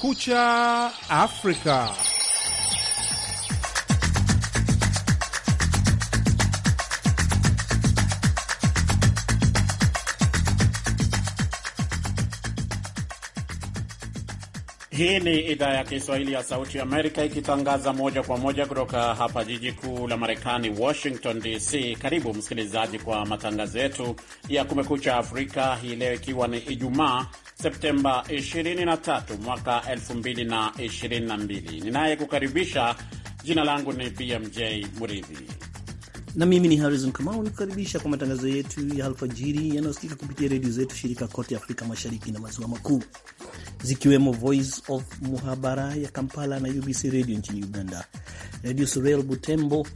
Kumekucha Afrika. Hii ni idhaa ya Kiswahili ya Sauti ya Amerika ikitangaza moja kwa moja kutoka hapa jiji kuu la Marekani, Washington DC. Karibu msikilizaji, kwa matangazo yetu ya Kumekucha Afrika hii leo, ikiwa ni Ijumaa Septemba 23 mwaka 2022. Ninayekukaribisha, jina langu ni BMJ Muridhi na mimi ni Harrison Kamau nikukaribisha kwa matangazo yetu ya alfajiri yanayosikika kupitia redio zetu shirika kote Afrika Mashariki na Maziwa Makuu, zikiwemo Voice of Muhabara ya Kampala na UBC redio nchini Uganda, redio Surel Butembo,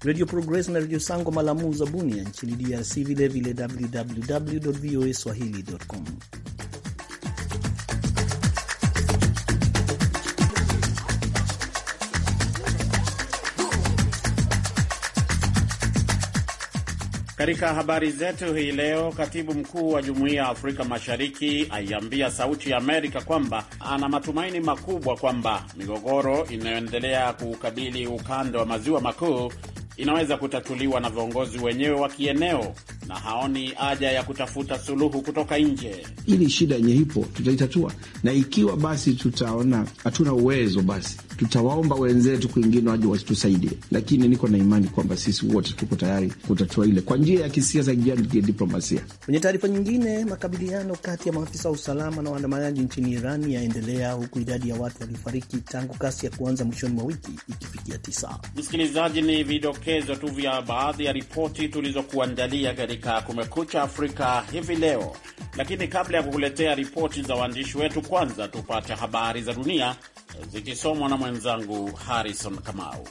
redio Progress na redio Sango Malamu za Bunia nchini DRC, vilevile www voa swahili com Katika habari zetu hii leo, katibu mkuu wa jumuiya ya Afrika Mashariki aiambia Sauti ya Amerika kwamba ana matumaini makubwa kwamba migogoro inayoendelea kuukabili ukanda wa maziwa makuu inaweza kutatuliwa na viongozi wenyewe wa kieneo na haoni haja ya kutafuta suluhu kutoka nje. Ili shida yenye ipo tutaitatua, na ikiwa basi tutaona hatuna uwezo, basi tutawaomba wenzetu kwingine waje watusaidie, lakini niko na imani kwamba sisi wote tuko tayari kutatua ile kwa njia ya kisiasa, diplomasia. Kwenye taarifa nyingine, makabiliano kati ya maafisa wa usalama na waandamanaji nchini Iran yaendelea huku idadi ya watu waliofariki tangu kasi ya kuanza mwishoni mwa wiki ikifikia tisa. Msikilizaji, ni vidokezo tu vya baadhi ya ripoti tulizokuandalia katika katika Kumekucha Afrika hivi leo, lakini kabla ya kukuletea ripoti za waandishi wetu, kwanza tupate habari za dunia zikisomwa na mwenzangu Harrison Kamau.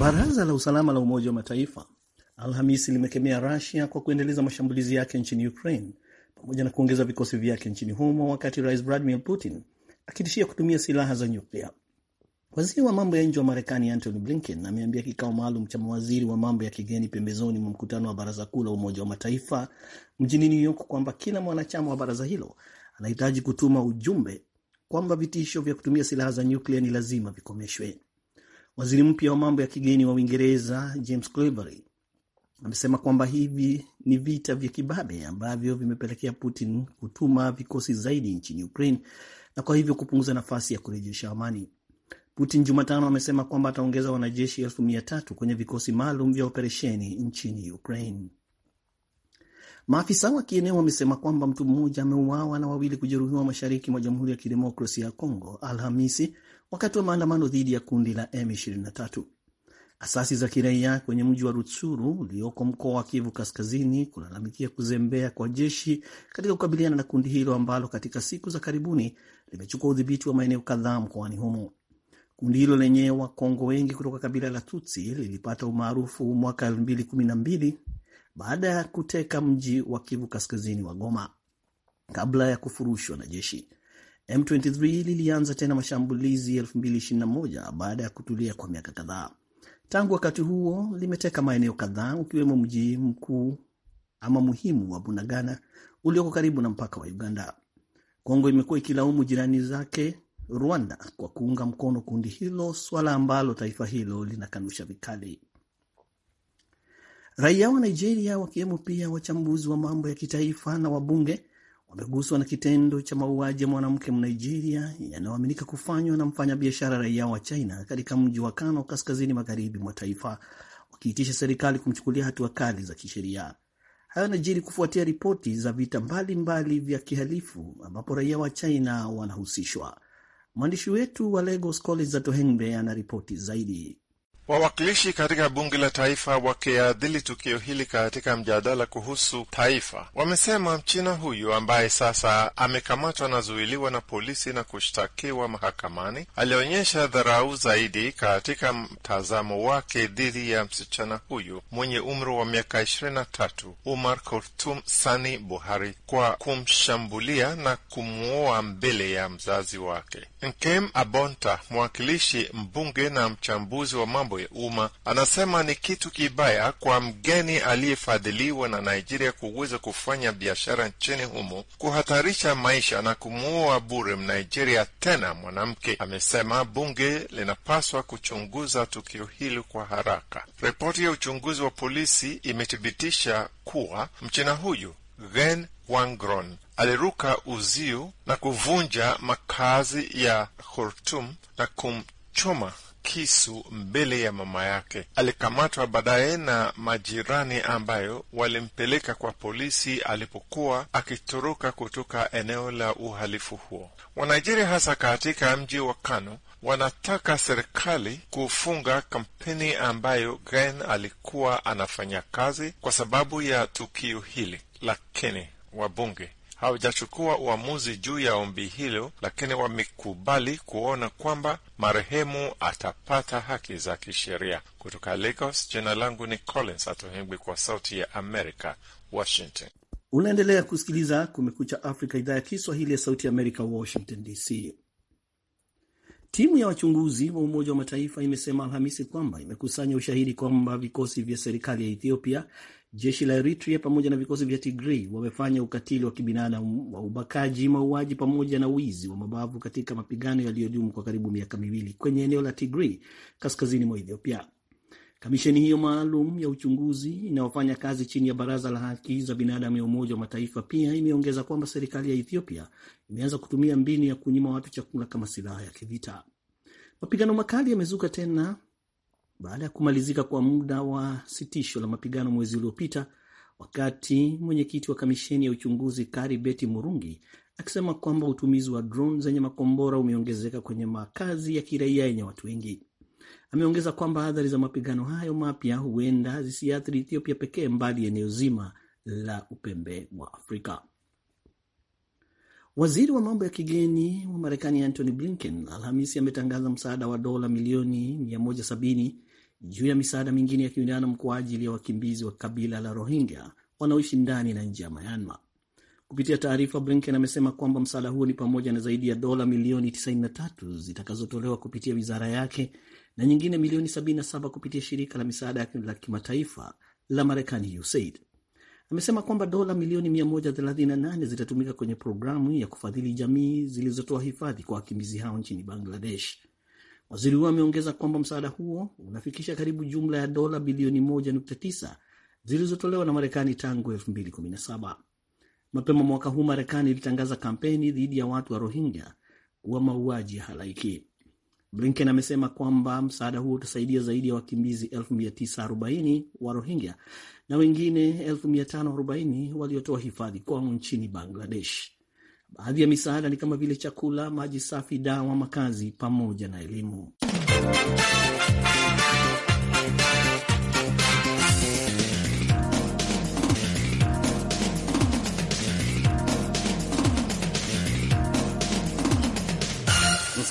Baraza la usalama la Umoja wa Mataifa Alhamisi limekemea Rusia kwa kuendeleza mashambulizi yake nchini Ukraine pamoja na kuongeza vikosi vyake nchini humo, wakati Rais Vladimir Putin akitishia kutumia silaha za nyuklia. Waziri wa mambo ya nje wa Marekani Antony Blinken ameambia kikao maalum cha mawaziri wa mambo ya kigeni pembezoni mwa mkutano wa Baraza Kuu la Umoja wa Mataifa mjini New York kwamba kila mwanachama wa baraza hilo anahitaji kutuma ujumbe kwamba vitisho vya kutumia silaha za nyuklia ni lazima vikomeshwe. Waziri mpya wa mambo ya kigeni wa Uingereza James Cleverly amesema kwamba hivi ni vita vya kibabe ambavyo vimepelekea Putin kutuma vikosi zaidi nchini Ukraine na kwa hivyo kupunguza nafasi ya kurejesha amani. Putin Jumatano amesema kwamba ataongeza wanajeshi elfu mia tatu kwenye vikosi maalum vya operesheni nchini Ukraine. Maafisa wa kieneo wamesema kwamba mtu mmoja ameuawa na wawili kujeruhiwa mashariki mwa Jamhuri ya Kidemokrasia ya Kongo Alhamisi wakati wa maandamano dhidi ya kundi la M23. Asasi za kiraia kwenye mji wa Rutsuru ulioko mkoa wa Kivu Kaskazini kulalamikia kuzembea kwa jeshi katika kukabiliana na kundi hilo ambalo katika siku za karibuni limechukua udhibiti wa maeneo kadhaa mkoani humo. Kundi hilo lenye Wakongo wengi kutoka kabila la Tutsi lilipata umaarufu mwaka 2012 baada ya kuteka mji wa Kivu kaskazini wa Goma kabla ya kufurushwa na jeshi. M23 lilianza tena mashambulizi 2021 baada ya kutulia kwa miaka kadhaa. Tangu wakati huo limeteka maeneo kadhaa ukiwemo mji mkuu ama muhimu wa Bunagana ulioko karibu na mpaka wa Uganda. Kongo imekuwa ikilaumu jirani zake Rwanda kwa kuunga mkono kundi hilo, swala ambalo taifa hilo linakanusha vikali. Raia wa Nigeria wakiwemo pia wachambuzi wa mambo ya kitaifa na wabunge wameguswa na kitendo cha mauaji ya mwanamke Mnigeria yanayoaminika kufanywa na mfanyabiashara raia wa China katika mji wa Kano, kaskazini magharibi mwa taifa, wakiitisha serikali kumchukulia hatua kali za kisheria. Hayo najiri kufuatia ripoti za vita mbalimbali vya kihalifu ambapo raia wa China wanahusishwa. Mwandishi wetu wa Lagos Collins Atohengbe ana ripoti zaidi. Wawakilishi katika bunge la taifa wakiadhili tukio hili katika mjadala kuhusu taifa, wamesema mchina huyu ambaye sasa amekamatwa na zuiliwa na polisi na kushtakiwa mahakamani alionyesha dharau zaidi katika mtazamo wake dhidi ya msichana huyu mwenye umri wa miaka ishirini na tatu Umar Kurtum Sani Buhari kwa kumshambulia na kumwoa mbele ya mzazi wake. Nkem Abonta, mwakilishi mbunge na mchambuzi wa mambo mambo ya umma, anasema ni kitu kibaya kwa mgeni aliyefadhiliwa na Nigeria kuweza kufanya biashara nchini humo, kuhatarisha maisha na kumuua bure Mnigeria tena mwanamke. Amesema bunge linapaswa kuchunguza tukio hili kwa haraka. Ripoti ya uchunguzi wa polisi imethibitisha kuwa mchina huyu Gen Wangron aliruka uzio na kuvunja makazi ya Khurtum na kumchoma kisu mbele ya mama yake. Alikamatwa baadaye na majirani ambayo walimpeleka kwa polisi alipokuwa akitoroka kutoka eneo la uhalifu huo. Wanigeria, hasa katika mji wa Kano, wanataka serikali kufunga kampeni ambayo Gen alikuwa anafanya kazi kwa sababu ya tukio hili, lakini wabunge hawajachukua uamuzi juu ya ombi hilo, lakini wamekubali kuona kwamba marehemu atapata haki za kisheria. Kutoka Lagos, jina langu ni Collins Atohengwi, kwa Sauti ya Amerika, Washington. Unaendelea kusikiliza Kumekucha Afrika, idhaa ya Kiswahili ya Sauti ya Amerika, Washington DC. Timu ya wachunguzi wa Umoja wa Mataifa imesema Alhamisi kwamba imekusanya ushahidi kwamba vikosi vya serikali ya Ethiopia jeshi la Eritrea pamoja na vikosi vya tigrei wamefanya ukatili wa kibinadamu wa ubakaji, mauaji pamoja na wizi wa mabavu katika mapigano yaliyodumu kwa karibu miaka miwili kwenye eneo la Tigray kaskazini mwa Ethiopia. Kamisheni hiyo maalum ya uchunguzi inayofanya kazi chini ya Baraza la Haki za Binadamu ya Umoja wa Mataifa pia imeongeza kwamba serikali ya Ethiopia imeanza kutumia mbinu ya kunyima watu chakula kama silaha ya kivita. Mapigano makali yamezuka tena baada ya kumalizika kwa muda wa sitisho la mapigano mwezi uliopita, wakati mwenyekiti wa kamisheni ya uchunguzi Kari Beti Murungi akisema kwamba utumizi wa drone zenye makombora umeongezeka kwenye makazi ya kiraia yenye watu wengi. Ameongeza kwamba athari za mapigano hayo mapya huenda zisiathiri Ethiopia pekee, mbali eneo zima la upembe wa Afrika. Waziri wa mambo ya kigeni wa Marekani Antony Blinken Alhamisi ametangaza msaada wa dola milioni 170 juu ya misaada mingine ya kibinadamu kwa ajili ya wakimbizi wa kabila la Rohingya wanaoishi ndani na nje ya Myanmar. Kupitia taarifa, Blinken amesema kwamba msaada huo ni pamoja na zaidi ya dola milioni 93 zitakazotolewa kupitia wizara yake na nyingine milioni 77 kupitia shirika la misaada la kimataifa la Marekani, USAID. Amesema kwamba dola milioni 138 zitatumika kwenye programu ya kufadhili jamii zilizotoa hifadhi kwa wakimbizi hao nchini Bangladesh. Waziri huyo ameongeza kwamba msaada huo unafikisha karibu jumla ya dola bilioni 1.9 zilizotolewa na Marekani tangu 2017. Mapema mwaka huu Marekani ilitangaza kampeni dhidi ya watu wa Rohingya kuwa mauaji ya halaiki. Blinken amesema kwamba msaada huo utasaidia zaidi ya wakimbizi 940,000 wa Rohingya na wengine 540,000 waliotoa hifadhi kwao nchini Bangladesh. Baadhi ya misaada ni kama vile chakula, maji safi, dawa, makazi pamoja na elimu.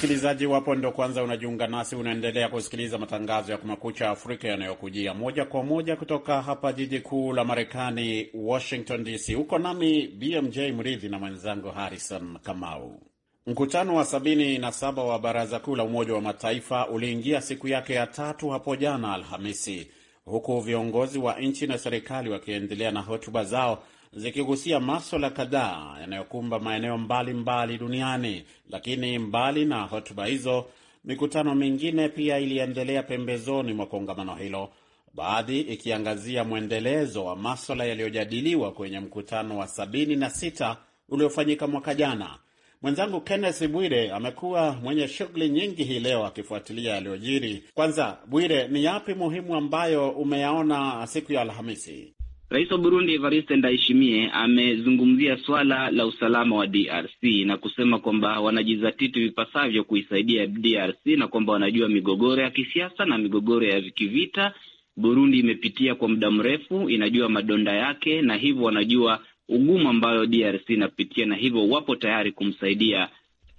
msikilizaji, wapo ndo kwanza unajiunga nasi, unaendelea kusikiliza matangazo ya Kumekucha Afrika yanayokujia moja kwa moja kutoka hapa jiji kuu la Marekani, Washington DC. Huko nami BMJ Mridhi na mwenzangu Harrison Kamau. Mkutano wa 77 wa Baraza Kuu la Umoja wa Mataifa uliingia siku yake ya tatu hapo jana Alhamisi, huku viongozi wa nchi na serikali wakiendelea na hotuba zao zikigusia maswala kadhaa yanayokumba maeneo mbalimbali mbali duniani. Lakini mbali na hotuba hizo, mikutano mingine pia iliendelea pembezoni mwa kongamano hilo, baadhi ikiangazia mwendelezo wa maswala yaliyojadiliwa kwenye mkutano wa 76 uliofanyika mwaka jana. Mwenzangu Kenneth Bwire amekuwa mwenye shughuli nyingi hii leo akifuatilia yaliyojiri. Kwanza Bwire, ni yapi muhimu ambayo umeyaona siku ya Alhamisi? Rais wa Burundi Evariste Ndayishimiye amezungumzia swala la usalama wa DRC na kusema kwamba wanajizatiti vipasavyo kuisaidia DRC na kwamba wanajua migogoro ya kisiasa na migogoro ya kivita Burundi imepitia kwa muda mrefu, inajua madonda yake, na hivyo wanajua ugumu ambayo DRC inapitia, na hivyo wapo tayari kumsaidia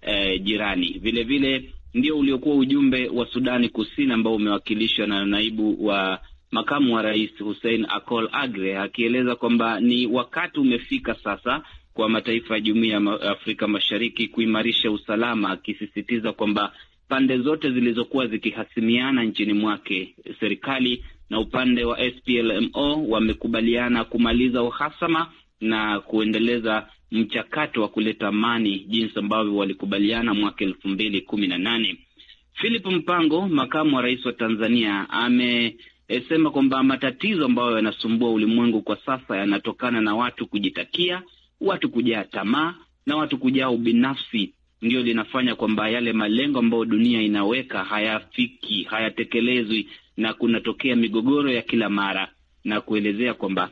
eh, jirani. Vilevile ndio uliokuwa ujumbe wa Sudani Kusini ambao umewakilishwa na naibu wa makamu wa rais Hussein Akol Agre akieleza kwamba ni wakati umefika sasa kwa mataifa ya jumuiya ya Afrika Mashariki kuimarisha usalama, akisisitiza kwamba pande zote zilizokuwa zikihasimiana nchini mwake, serikali na upande wa SPLMO, wamekubaliana kumaliza uhasama na kuendeleza mchakato wa kuleta amani jinsi ambavyo walikubaliana mwaka elfu mbili kumi na nane. Philip Mpango, makamu wa rais wa Tanzania, ame Eh, sema kwamba matatizo ambayo yanasumbua ulimwengu kwa sasa yanatokana na watu kujitakia, watu kujaa tamaa na watu kujaa ubinafsi, ndio linafanya kwamba yale malengo ambayo dunia inaweka hayafiki, hayatekelezwi na kunatokea migogoro ya kila mara, na kuelezea kwamba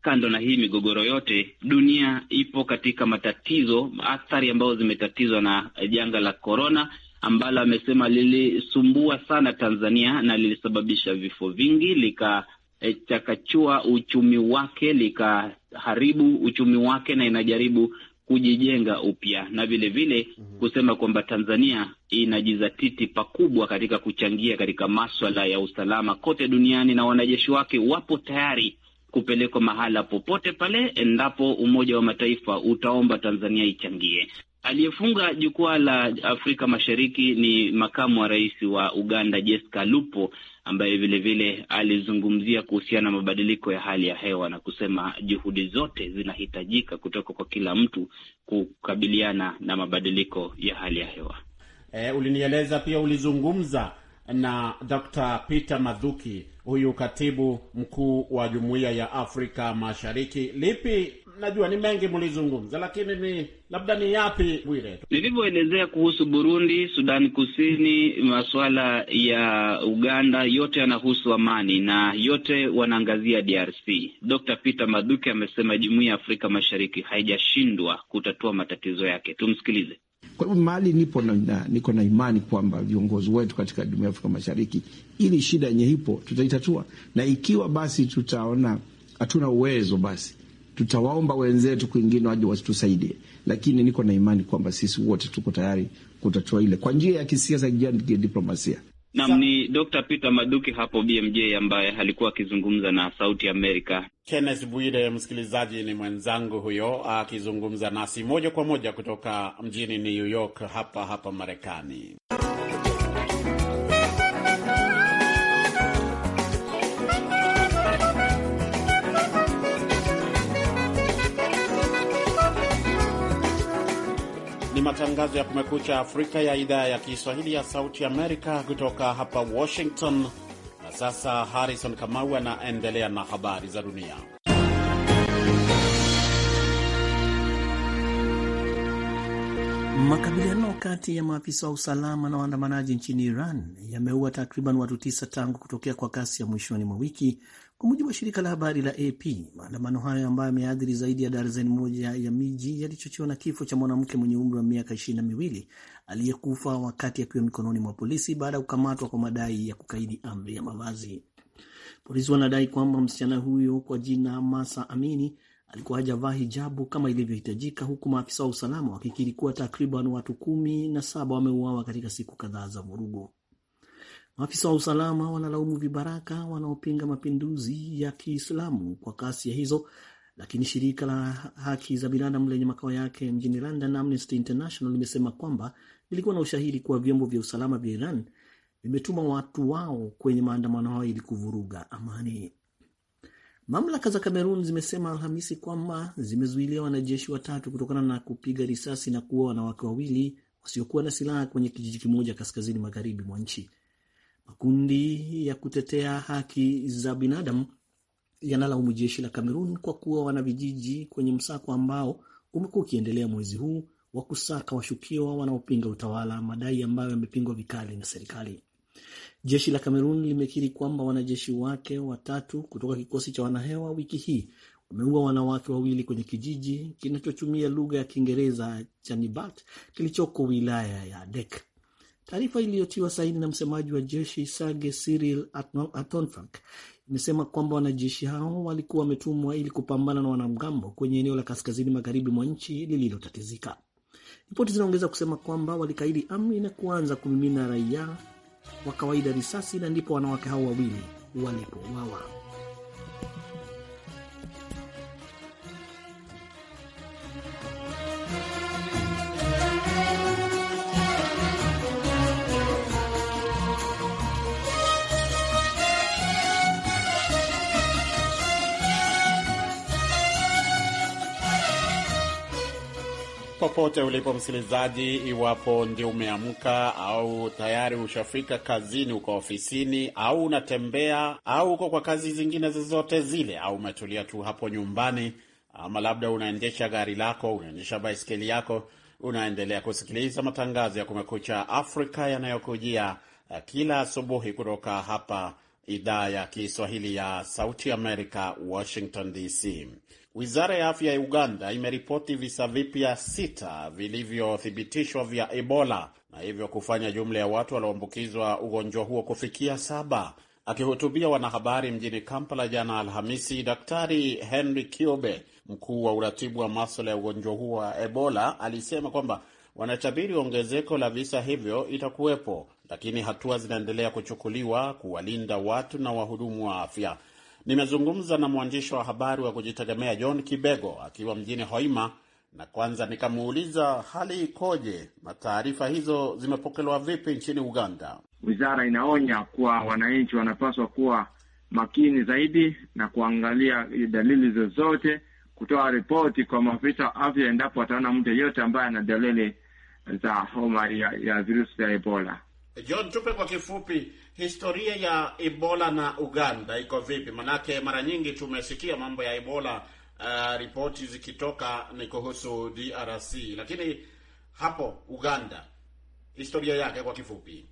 kando na hii migogoro yote, dunia ipo katika matatizo, athari ambazo zimetatizwa na janga la korona ambalo amesema lilisumbua sana Tanzania na lilisababisha vifo vingi, likachakachua eh, uchumi wake, likaharibu uchumi wake na inajaribu kujijenga upya na vile vile mm -hmm. kusema kwamba Tanzania inajizatiti pakubwa katika kuchangia katika maswala ya usalama kote duniani na wanajeshi wake wapo tayari kupelekwa mahala popote pale endapo Umoja wa Mataifa utaomba Tanzania ichangie. Aliyefunga jukwaa la Afrika Mashariki ni makamu wa rais wa Uganda Jessica Lupo, ambaye vilevile alizungumzia kuhusiana na mabadiliko ya hali ya hewa na kusema juhudi zote zinahitajika kutoka kwa kila mtu kukabiliana na mabadiliko ya hali ya hewa. E, ulinieleza pia ulizungumza na Dr. Peter madhuki huyu katibu mkuu wa Jumuiya ya Afrika Mashariki. Lipi, najua ni mengi mlizungumza, lakini ni labda ni yapi, Bwire? Nilivyoelezea kuhusu Burundi, Sudani Kusini, masuala ya Uganda, yote yanahusu amani na yote wanaangazia DRC. Dr. Peter Maduke amesema Jumuiya ya Afrika Mashariki haijashindwa kutatua matatizo yake. Tumsikilize. Kwa hivyo mahali nipo na, niko na imani kwamba viongozi wetu katika Jumuiya ya Afrika Mashariki, ili shida yenye ipo tutaitatua, na ikiwa basi tutaona hatuna uwezo, basi tutawaomba wenzetu kwingine waje watusaidie, lakini niko na imani kwamba sisi wote tuko tayari kutatua ile kwa njia ya kisiasa, njia ya diplomasia. Naam, ni Dr. Peter Maduki hapo BMJ ambaye alikuwa akizungumza na Sauti Amerika. Kenneth Bwire, msikilizaji, ni mwenzangu huyo akizungumza nasi moja kwa moja kutoka mjini New York hapa hapa Marekani. matangazo ya Kumekucha Afrika ya idhaa ya Kiswahili ya Sauti Amerika kutoka hapa Washington. Na sasa Harrison Kamau anaendelea na habari za dunia. Makabiliano kati ya maafisa wa usalama na waandamanaji nchini Iran yameua takriban watu tisa tangu kutokea kwa kasi ya mwishoni mwa wiki kwa mujibu wa shirika la habari la AP, maandamano hayo ambayo yameathiri zaidi ya darzeni moja ya miji yalichochewa na kifo cha mwanamke mwenye umri wa miaka ishirini na miwili aliyekufa wakati akiwa mikononi mwa polisi baada ya kukamatwa kwa madai ya kukaidi amri ya mavazi. Polisi wanadai kwamba msichana huyo kwa jina Masa Amini alikuwa hajavaa hijabu kama ilivyohitajika, huku maafisa wa usalama wakikiri kuwa takriban watu kumi na saba wameuawa katika siku kadhaa za vurugu. Maafisa wa usalama wanalaumu vibaraka wanaopinga mapinduzi ya Kiislamu kwa ya hizo, lakini shirika la haki za binadamu lenye makao yake mjini London, Amnesty International, limesema kwamba lilikuwa na ushahidi kuwa vyombo vya usalama vya Iran vimetuma watu wao kwenye maandamano hayo ili kuvuruga amani. Mamlaka za Kamerun zimesema Alhamisi kwamba zimezuilia wanajeshi watatu kutokana na kupiga risasi na kuua wanawake wawili wasiokuwa na silaha kwenye kijiji kimoja kaskazini magharibi mwa nchi. Makundi ya kutetea haki za binadamu yanalaumu jeshi la Kamerun kwa kuwa wanavijiji kwenye msako ambao umekuwa ukiendelea mwezi huu wa kusaka washukiwa wanaopinga utawala, madai ambayo yamepingwa vikali na serikali. Jeshi la Kamerun limekiri kwamba wanajeshi wake watatu kutoka kikosi cha wanahewa wiki hii wameua wanawake wawili kwenye kijiji kinachotumia lugha ya Kiingereza cha Nibat kilichoko wilaya ya Dek. Taarifa iliyotiwa saini na msemaji wa jeshi Sage Cyril Atonfak imesema kwamba wanajeshi hao walikuwa wametumwa ili kupambana na wanamgambo kwenye eneo la kaskazini magharibi mwa nchi lililotatizika. Ripoti zinaongeza kusema kwamba walikaidi amri na kuanza kumimina raia wa kawaida risasi, na ndipo wanawake hao wawili walipouawa. popote ulipo msikilizaji, iwapo ndio umeamka au tayari ushafika kazini, uko ofisini au unatembea au uko kwa kazi zingine zozote zile, au umetulia tu hapo nyumbani, ama labda unaendesha gari lako, unaendesha baiskeli yako, unaendelea kusikiliza matangazo ya Kumekucha Afrika yanayokujia eh, kila asubuhi kutoka hapa idhaa ya Kiswahili ya Sauti Amerika, Washington DC. Wizara ya afya ya Uganda imeripoti visa vipya sita vilivyothibitishwa vya Ebola na hivyo kufanya jumla ya watu walioambukizwa ugonjwa huo kufikia saba. Akihutubia wanahabari mjini Kampala jana Alhamisi, Daktari Henry Kiobe, mkuu wa uratibu wa maswala ya ugonjwa huo wa Ebola, alisema kwamba wanatabiri ongezeko la visa hivyo itakuwepo, lakini hatua zinaendelea kuchukuliwa kuwalinda watu na wahudumu wa afya. Nimezungumza na mwandishi wa habari wa kujitegemea John Kibego akiwa mjini Hoima, na kwanza nikamuuliza hali ikoje na taarifa hizo zimepokelewa vipi nchini Uganda. Wizara inaonya kuwa wananchi wanapaswa kuwa makini zaidi na kuangalia dalili zozote, kutoa ripoti kwa maafisa wa afya endapo wataona mtu yeyote ambaye ana dalili za homa ya, ya virusi vya Ebola. John, tupe kwa kifupi historia ya Ebola na Uganda iko vipi? Manake mara nyingi tumesikia mambo ya Ebola, uh, ripoti zikitoka ni kuhusu DRC, lakini hapo Uganda historia yake kwa kifupi.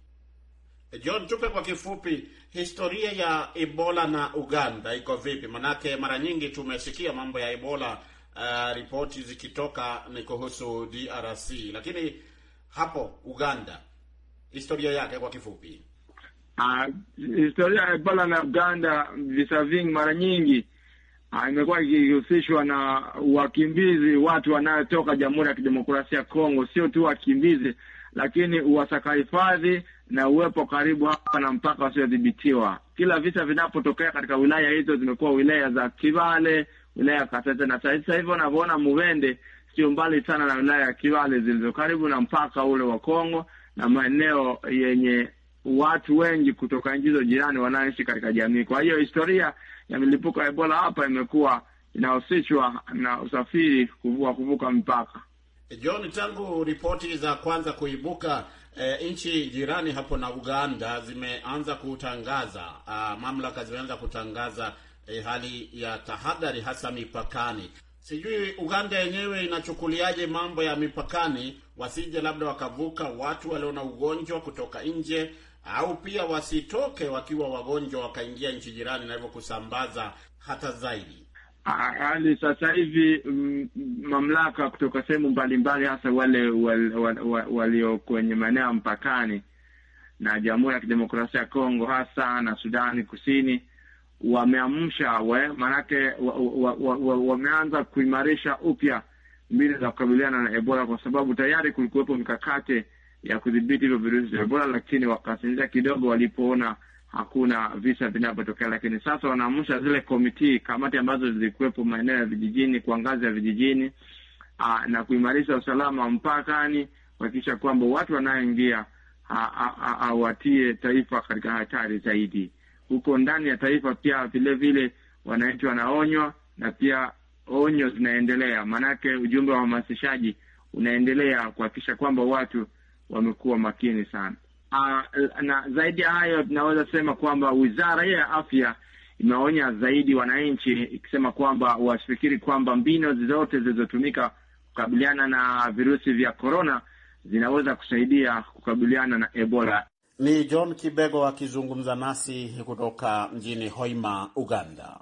John, tupe kwa kifupi historia ya Ebola na Uganda iko vipi? Manake mara nyingi tumesikia mambo ya Ebola, uh, ripoti zikitoka ni kuhusu DRC, lakini hapo Uganda historia yake kwa kifupi. Ah, historia ya Ebola na Uganda, visa vingi mara nyingi ah, imekuwa ikihusishwa na wakimbizi, watu wanayotoka Jamhuri ya Kidemokrasia ya Kongo, sio tu wakimbizi, lakini uwasaka hifadhi na uwepo karibu hapa na mpaka wasiodhibitiwa. Kila visa vinapotokea katika wilaya hizo, zimekuwa wilaya za Kivale, wilaya ya Kasese na sasa hivi wanavyoona Mubende sio mbali sana na wilaya ya Kivale zilizo karibu na mpaka ule wa Kongo na maeneo yenye watu wengi kutoka nchi hizo jirani wanaoishi katika jamii. Kwa hiyo historia ya milipuko ya Ebola hapa imekuwa inahusishwa na usafiri kuvuka kuvuka mpaka. Eh, John, tangu ripoti za kwanza kuibuka e, nchi jirani hapo na Uganda zimeanza kutangaza a, ah, mamlaka zimeanza kutangaza e, hali ya tahadhari hasa mipakani. Sijui Uganda yenyewe inachukuliaje mambo ya mipakani, wasije labda wakavuka watu walio na ugonjwa kutoka nje au pia wasitoke wakiwa wagonjwa wakaingia nchi jirani na hivyo kusambaza hata zaidi. Ah, hali sasa hivi mm, mamlaka kutoka sehemu mbalimbali, hasa wale walio wal, wal, wal kwenye maeneo ya mpakani na Jamhuri ya Kidemokrasia ya Kongo hasa na Sudani Kusini wameamsha we maanake wameanza wa, wa, wa kuimarisha upya mbinu za kukabiliana na Ebola kwa sababu tayari kulikuwepo mikakati ya kudhibiti hivyo virusi vya Ebola, lakini wakasinzia kidogo walipoona hakuna visa vinavyotokea. Lakini sasa wanaamsha zile komiti, kamati ambazo zilikuwepo maeneo ya vijijini, kwa ngazi ya vijijini aa, ah, na kuimarisha usalama mpakani, kuhakikisha kwamba watu wanaoingia hawatie taifa katika hatari zaidi. Huko ndani ya taifa pia vilevile wananchi wanaonywa na pia onyo zinaendelea, maanake ujumbe wa uhamasishaji unaendelea kuhakikisha kwamba watu wamekuwa makini sana. Aa, ah, na zaidi ya hayo tunaweza sema kwamba wizara hiyo ya afya imeonya zaidi wananchi ikisema kwamba wasifikiri kwamba mbinu zote zilizotumika kukabiliana na virusi vya korona zinaweza kusaidia kukabiliana na Ebola. Ni John Kibego akizungumza nasi kutoka mjini Hoima, Uganda.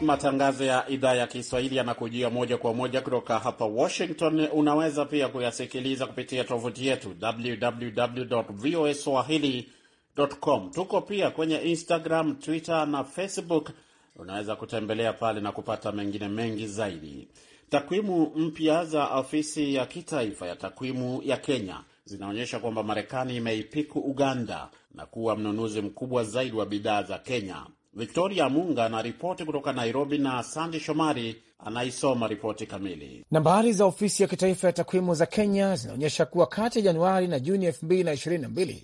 Matangazo ya idhaa ya Kiswahili yanakujia moja kwa moja kutoka hapa Washington. Unaweza pia kuyasikiliza kupitia tovuti yetu www voa swahili.com. Tuko pia kwenye Instagram, Twitter na Facebook. Unaweza kutembelea pale na kupata mengine mengi zaidi. Takwimu mpya za ofisi ya kitaifa ya takwimu ya Kenya zinaonyesha kwamba Marekani imeipiku Uganda na kuwa mnunuzi mkubwa zaidi wa bidhaa za Kenya. Victoria Munga na ripoti kutoka Nairobi na Sandi Shomari anaisoma ripoti kamili. Nambari za ofisi ya kitaifa ya takwimu za Kenya zinaonyesha kuwa kati ya Januari na Juni 2022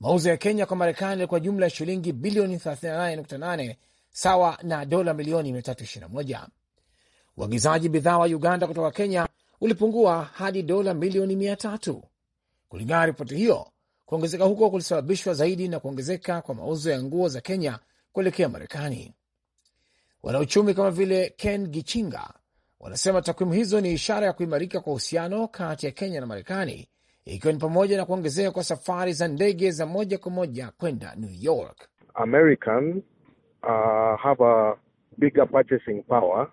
mauzo ya Kenya kwa Marekani yalikuwa jumla ya shilingi bilioni 38.8 sawa na dola milioni 321. Uagizaji bidhaa wa Uganda kutoka Kenya ulipungua hadi dola milioni 300. Kulingana na ripoti hiyo, kuongezeka huko kulisababishwa zaidi na kuongezeka kwa mauzo ya nguo za Kenya kuelekea Marekani. Wanauchumi kama vile Ken Gichinga wanasema takwimu hizo ni ishara ya kuimarika kwa uhusiano kati ya Kenya na Marekani, ikiwa ni pamoja na kuongezeka kwa safari za ndege za moja kwa moja kwenda New York. American, uh, have a bigger purchasing power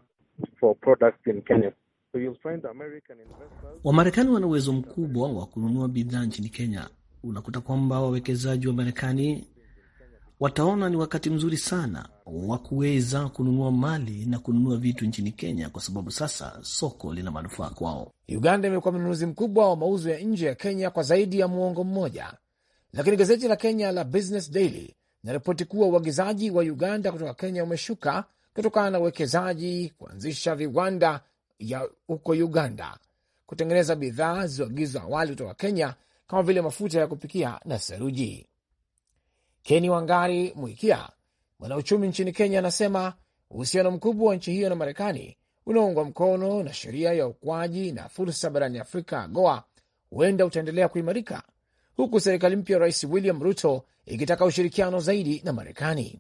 for products in Kenya. So you'll find American investors... Wamarekani wana uwezo mkubwa wa kununua bidhaa nchini Kenya. Unakuta kwamba wawekezaji wa Marekani wataona ni wakati mzuri sana wa kuweza kununua mali na kununua vitu nchini Kenya kwa sababu sasa soko lina manufaa kwao. Uganda imekuwa mnunuzi mkubwa wa mauzo ya nje ya Kenya kwa zaidi ya muongo mmoja, lakini gazeti la Kenya la Business Daily inaripoti kuwa uagizaji wa Uganda kutoka Kenya umeshuka kutokana na uwekezaji kuanzisha viwanda ya huko Uganda kutengeneza bidhaa zilizoagizwa awali kutoka Kenya kama vile mafuta ya kupikia na saruji. Keni Wangari Mwikia, mwanauchumi nchini Kenya, anasema uhusiano mkubwa wa nchi hiyo na Marekani unaoungwa mkono na sheria ya ukuaji na fursa barani Afrika AGOA huenda utaendelea kuimarika huku serikali mpya ya Rais William Ruto ikitaka ushirikiano zaidi na Marekani.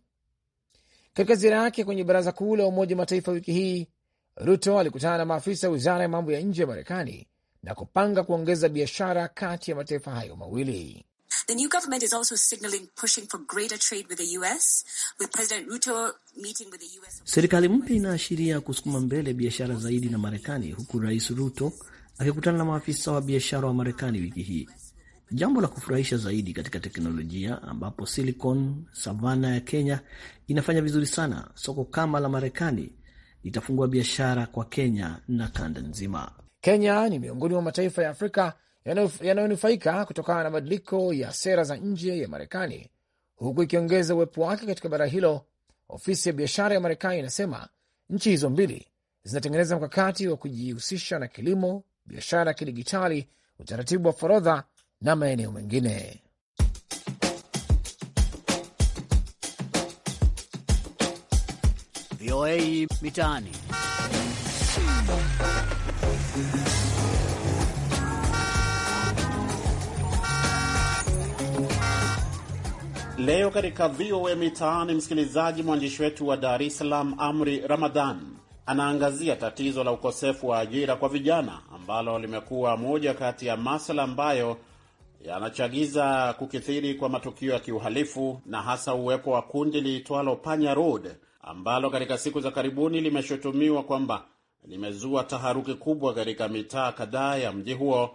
Katika ziara yake kwenye Baraza Kuu la Umoja Mataifa wiki hii, Ruto alikutana na maafisa wa wizara ya mambo ya nje ya Marekani na kupanga kuongeza biashara kati ya mataifa hayo mawili. The new government is also signaling pushing for greater trade with the US, with President Ruto meeting with the US. Serikali mpya inaashiria kusukuma mbele biashara zaidi na Marekani, huku Rais Ruto akikutana na maafisa wa biashara wa Marekani wiki hii. Jambo la kufurahisha zaidi katika teknolojia, ambapo Silicon Savana ya Kenya inafanya vizuri sana. Soko kama la Marekani litafungua biashara kwa Kenya na kanda nzima. Kenya ni miongoni mwa mataifa ya Afrika yanayonufaika kutokana na mabadiliko ya sera za nje ya Marekani, huku ikiongeza uwepo wake katika bara hilo. Ofisi ya biashara ya Marekani inasema nchi hizo mbili zinatengeneza mkakati wa kujihusisha na kilimo, biashara ya kidigitali, utaratibu wa forodha na maeneo mengine. VOA Mitaani. Leo katika VOA Mitaani, msikilizaji, mwandishi wetu wa Dar es Salaam Amri Ramadhan anaangazia tatizo la ukosefu wa ajira kwa vijana ambalo limekuwa moja kati ya masuala ambayo yanachagiza kukithiri kwa matukio ya kiuhalifu na hasa uwepo wa kundi liitwalo Panya Road ambalo katika siku za karibuni limeshutumiwa kwamba limezua taharuki kubwa katika mitaa kadhaa ya mji huo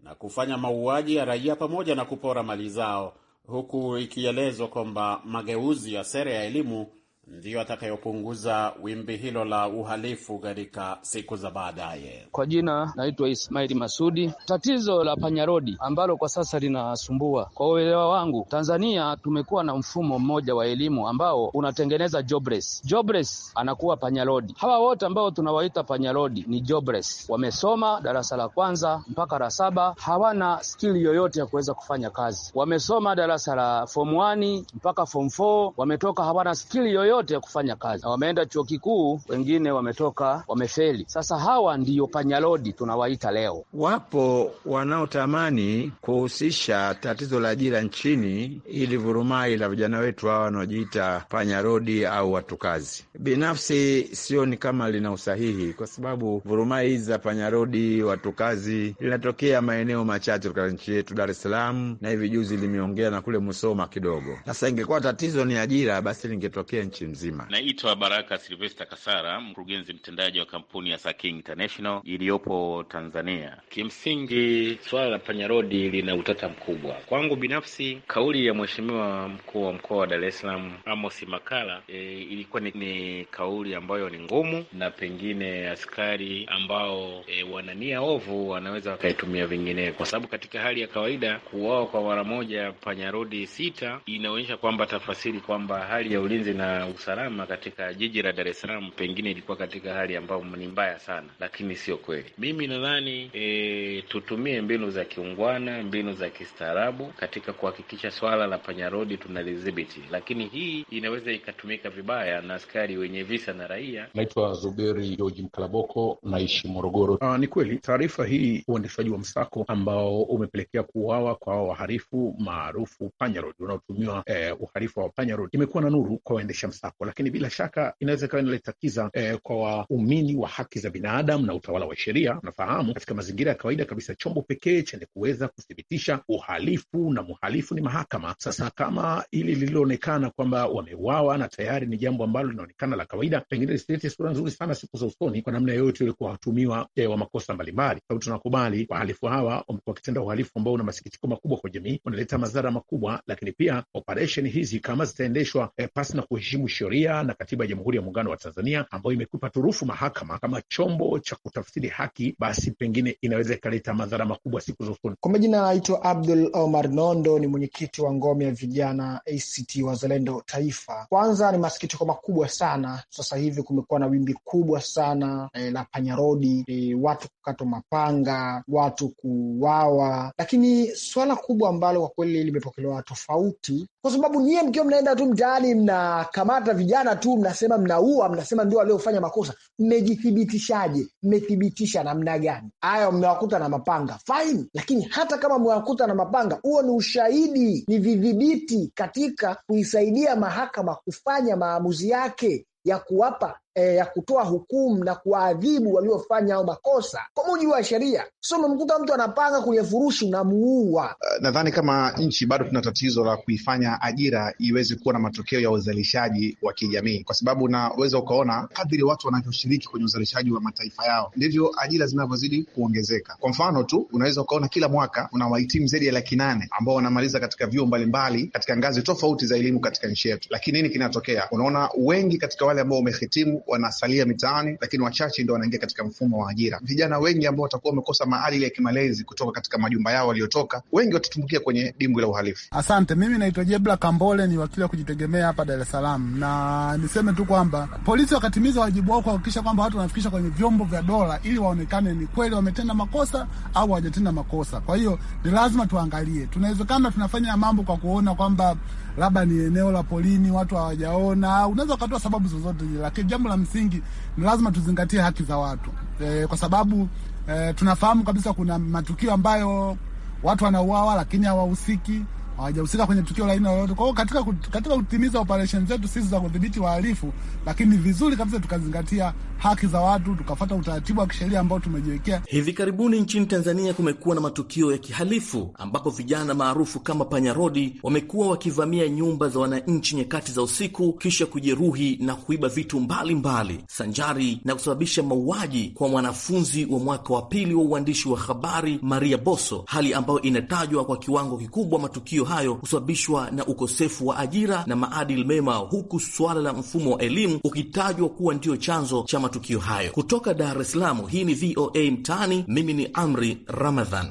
na kufanya mauaji ya raia pamoja na kupora mali zao huku ikielezwa kwamba mageuzi ya sera ya elimu ndiyo atakayopunguza wimbi hilo la uhalifu katika siku za baadaye. Kwa jina naitwa Ismaili Masudi. Tatizo la panyarodi ambalo kwa sasa linasumbua, kwa uelewa wangu, Tanzania tumekuwa na mfumo mmoja wa elimu ambao unatengeneza jobless. Jobless anakuwa panyarodi. Hawa wote ambao tunawaita panyarodi ni jobless, wamesoma darasa la kwanza mpaka la saba, hawana skili yoyote ya kuweza kufanya kazi. Wamesoma darasa la fomu 1 mpaka fomu 4, wametoka hawana skili yoyote yoyote ya kufanya kazi, na wameenda chuo kikuu, wengine wametoka wamefeli. Sasa hawa ndiyo panyarodi tunawaita leo. Wapo wanaotamani kuhusisha tatizo la ajira nchini ili vurumai la vijana wetu hawa wanaojiita panyarodi au watukazi. Binafsi sioni kama lina usahihi, kwa sababu vurumai hizi za panyarodi, watukazi linatokea maeneo machache katika nchi yetu, Dar es Salaam, na hivi juzi limeongea na kule Musoma kidogo. Sasa ingekuwa tatizo ni ajira, basi lingetokea nchini nzima. Naitwa Baraka Silvesta Kasara, mkurugenzi mtendaji wa kampuni ya Saki International iliyopo Tanzania. Kimsingi, suala la panyarodi lina utata mkubwa kwangu binafsi. Kauli ya mheshimiwa mkuu wa mkoa wa Dar es Salaam Amos Makala e, ilikuwa ni, ni kauli ambayo ni ngumu na pengine askari ambao e, wanania ovu wanaweza wakaitumia vinginevyo, kwa sababu katika hali ya kawaida kuuawa kwa mara moja panyarodi sita inaonyesha kwamba tafasiri kwamba hali ya ulinzi na usalama katika jiji la Dar es Salaam pengine ilikuwa katika hali ambayo ni mbaya sana, lakini sio kweli. Mimi nadhani e, tutumie mbinu za kiungwana, mbinu za kistaarabu katika kuhakikisha swala la panyarodi tunalidhibiti, lakini hii inaweza ikatumika vibaya na askari wenye visa na raia. Naitwa Zuberi Joji Mkalaboko, naishi Morogoro. Aa, ah, ni kweli taarifa hii, uendeshaji wa msako ambao umepelekea kuuawa kwa waharifu maarufu panyarodi wanaotumiwa eh, uharifu wa panyarodi imekuwa na nuru kwa waendesha SACCO, lakini bila shaka inaweza ikawa inaleta kiza eh, kwa waumini wa haki za binadamu na utawala wa sheria. Unafahamu, katika mazingira ya kawaida kabisa chombo pekee chenye kuweza kuthibitisha uhalifu na mhalifu ni mahakama. Sasa kama hili lililoonekana kwamba wameuawa na tayari ni jambo ambalo linaonekana la kawaida, pengine lisilete sura nzuri sana siku za usoni kwa namna yoyote ile kwa watumiwa eh, wa makosa mbalimbali, sababu tunakubali wahalifu hawa wamekuwa wakitenda uhalifu ambao una masikitiko makubwa kwa jamii, unaleta madhara makubwa, lakini pia operesheni hizi kama zitaendeshwa eh, pasi na kuheshimu sheria na katiba ya Jamhuri ya Muungano wa Tanzania ambayo imekupa turufu mahakama kama chombo cha kutafsiri haki, basi pengine inaweza ikaleta madhara makubwa siku za usoni. Kwa majina anaitwa Abdul Omar Nondo, ni mwenyekiti wa ngome ya vijana ACT Wazalendo Taifa. Kwanza ni masikitiko makubwa sana, sasa hivi kumekuwa na wimbi kubwa sana eh, la panyarodi eh, watu kukatwa mapanga, watu kuwawa, lakini swala kubwa ambalo kwa kweli limepokelewa tofauti, kwa sababu nyie mkiwa mnaenda tu mtaani mna mnapata vijana tu mnasema mnaua, mnasema ndio waliofanya makosa. Mmejithibitishaje? Mmethibitisha namna gani? Hayo mmewakuta na mapanga fine, lakini hata kama mmewakuta na mapanga, huo ni ushahidi, ni vidhibiti katika kuisaidia mahakama kufanya maamuzi yake ya kuwapa e, ya kutoa hukumu na kuwaadhibu waliofanya hao makosa kwa mujibu wa sheria. So unamkuta mtu anapanga kwenye furushi na muua. Uh, eh, nadhani kama nchi bado tuna tatizo la kuifanya ajira iweze kuwa na matokeo ya uzalishaji wa kijamii, kwa sababu unaweza ukaona kadhiri watu wanavyoshiriki kwenye uzalishaji wa mataifa yao ndivyo ajira zinavyozidi kuongezeka. Kwa mfano tu unaweza ukaona kila mwaka una wahitimu zaidi ya laki nane ambao wanamaliza katika vyuo mbalimbali katika ngazi tofauti za elimu katika nchi yetu, lakini nini kinatokea? Unaona wengi katika wale ambao wamehitimu wanasalia mitaani, lakini wachache ndo wanaingia katika mfumo wa ajira. Vijana wengi ambao watakuwa wamekosa maadili ya kimalezi kutoka katika majumba yao waliotoka, wengi watatumbukia kwenye dimbwi la uhalifu. Asante. Mimi naitwa Jebla Kambole, ni wakili wa kujitegemea hapa Dar es Salaam, na niseme tu kwamba polisi wakatimiza wajibu wao kuhakikisha kwamba watu wanafikisha kwenye vyombo vya dola ili waonekane ni kweli wametenda makosa au hawajatenda makosa. Kwa hiyo ni lazima tuangalie, tunawezekana tunafanya mambo kwa kuona kwamba labda ni eneo la polini, watu hawajaona, unaweza ukatoa sababu zozote zile, lakini jambo la msingi ni lazima tuzingatie haki za watu e, kwa sababu e, tunafahamu kabisa kuna matukio ambayo watu wanauawa lakini hawahusiki hawajahusika kwenye tukio la aina yoyote. Kwa hiyo katika, katika kutimiza operesheni zetu sisi za kudhibiti wahalifu, lakini vizuri kabisa tukazingatia haki za watu, tukafata utaratibu wa kisheria ambao tumejiwekea. Hivi karibuni nchini Tanzania kumekuwa na matukio ya kihalifu ambapo vijana maarufu kama panyarodi wamekuwa wakivamia nyumba za wananchi nyakati za usiku, kisha kujeruhi na kuiba vitu mbalimbali mbali, sanjari na kusababisha mauaji kwa mwanafunzi wa mwaka wa pili wa uandishi wa habari Maria Boso, hali ambayo inatajwa kwa kiwango kikubwa matukio hayo husababishwa na ukosefu wa ajira na maadili mema, huku suala la mfumo wa elimu ukitajwa kuwa ndiyo chanzo cha matukio hayo. Kutoka Dar es Salaam, hii ni VOA Mtaani. Mimi ni Amri Ramadhan.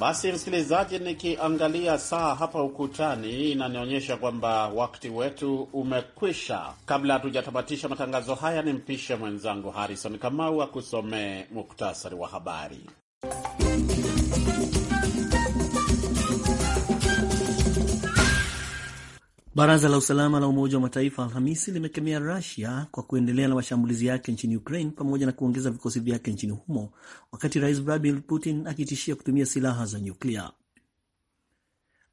Basi msikilizaji, nikiangalia saa hapa ukutani inanionyesha kwamba wakati wetu umekwisha. Kabla hatujatamatisha matangazo haya, nimpishe mwenzangu Harrison Kamau akusomee muktasari wa habari. Baraza la usalama la Umoja wa Mataifa Alhamisi limekemea Rusia kwa kuendelea na mashambulizi yake nchini Ukraine pamoja na kuongeza vikosi vyake nchini humo, wakati Rais Vladimir Putin akitishia kutumia silaha za nyuklia.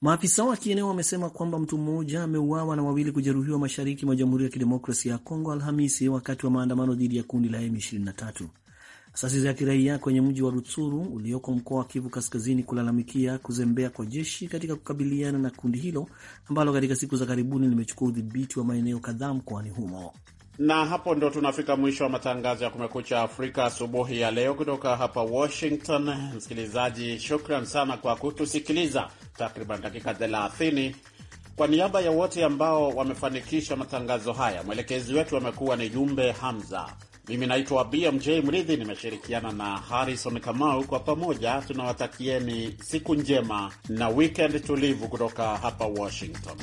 Maafisa wa kieneo wamesema kwamba mtu mmoja ameuawa na wawili kujeruhiwa mashariki mwa Jamhuri ya Kidemokrasia ya Kongo Alhamisi wakati wa maandamano dhidi ya kundi la M23. Asasi za kiraia kwenye mji wa Rutsuru ulioko mkoa wa Kivu Kaskazini kulalamikia kuzembea kwa jeshi katika kukabiliana na kundi hilo ambalo katika siku za karibuni limechukua udhibiti wa maeneo kadhaa mkoani humo. Na hapo ndo tunafika mwisho wa matangazo ya Kumekucha Afrika asubuhi ya leo, kutoka hapa Washington. Msikilizaji, shukran sana kwa kutusikiliza takriban dakika 30. Kwa niaba ya wote ambao wamefanikisha matangazo haya, mwelekezi wetu amekuwa ni Jumbe Hamza. Mimi naitwa BMJ Mridhi, nimeshirikiana na Harrison Kamau. Kwa pamoja tunawatakieni siku njema na wikend tulivu kutoka hapa Washington.